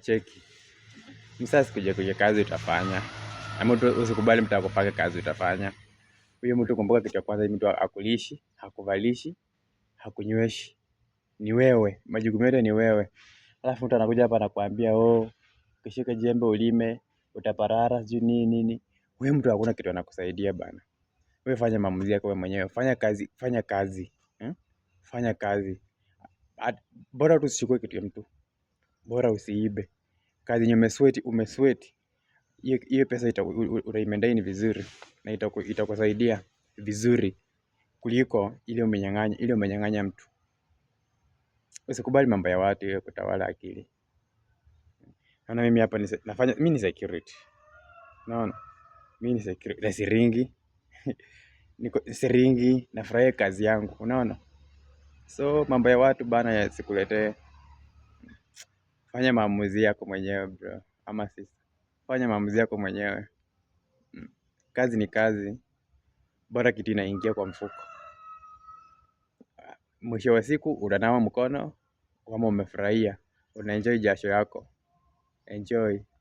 Cheki msasi kuja kuja kazi utafanya, ama usikubali mtu akupake kazi utafanya. Huyo mtu kumbuka, kitu cha kwanza, mtu akulishi, hakuvalishi, hakunyweshi, ni wewe. Majukumu yote ni wewe. Alafu mtu anakuja hapa anakuambia oh, ukishika jembe ulime utaparara, sijui nini nini. Wewe mtu hakuna kitu anakusaidia bana. Wewe fanya maamuzi yako wewe mwenyewe, fanya kazi, fanya kazi hmm? Fanya kazi bora, tusichukue kitu ya mtu bora usiibe. Kazi yenye umesweti umesweti hiyo pesa utaimendaini vizuri na itakusaidia vizuri kuliko ile umenyang'anya ile umenyang'anya mtu. Usikubali mambo ya watu kutawala akili. Naona mimi hapa nafanya mimi ni security. Naona mimi ni security nasiringi. Siringi nafurahia kazi yangu unaona so mambo ya watu bana yasikuletee. Fanya maamuzi yako mwenyewe bro ama sister. Fanya maamuzi yako mwenyewe. Mm. Kazi ni kazi. Bora kitu inaingia kwa mfuko. Mwisho wa siku unanawa mkono kama umefurahia. Unaenjoy jasho yako. Enjoy.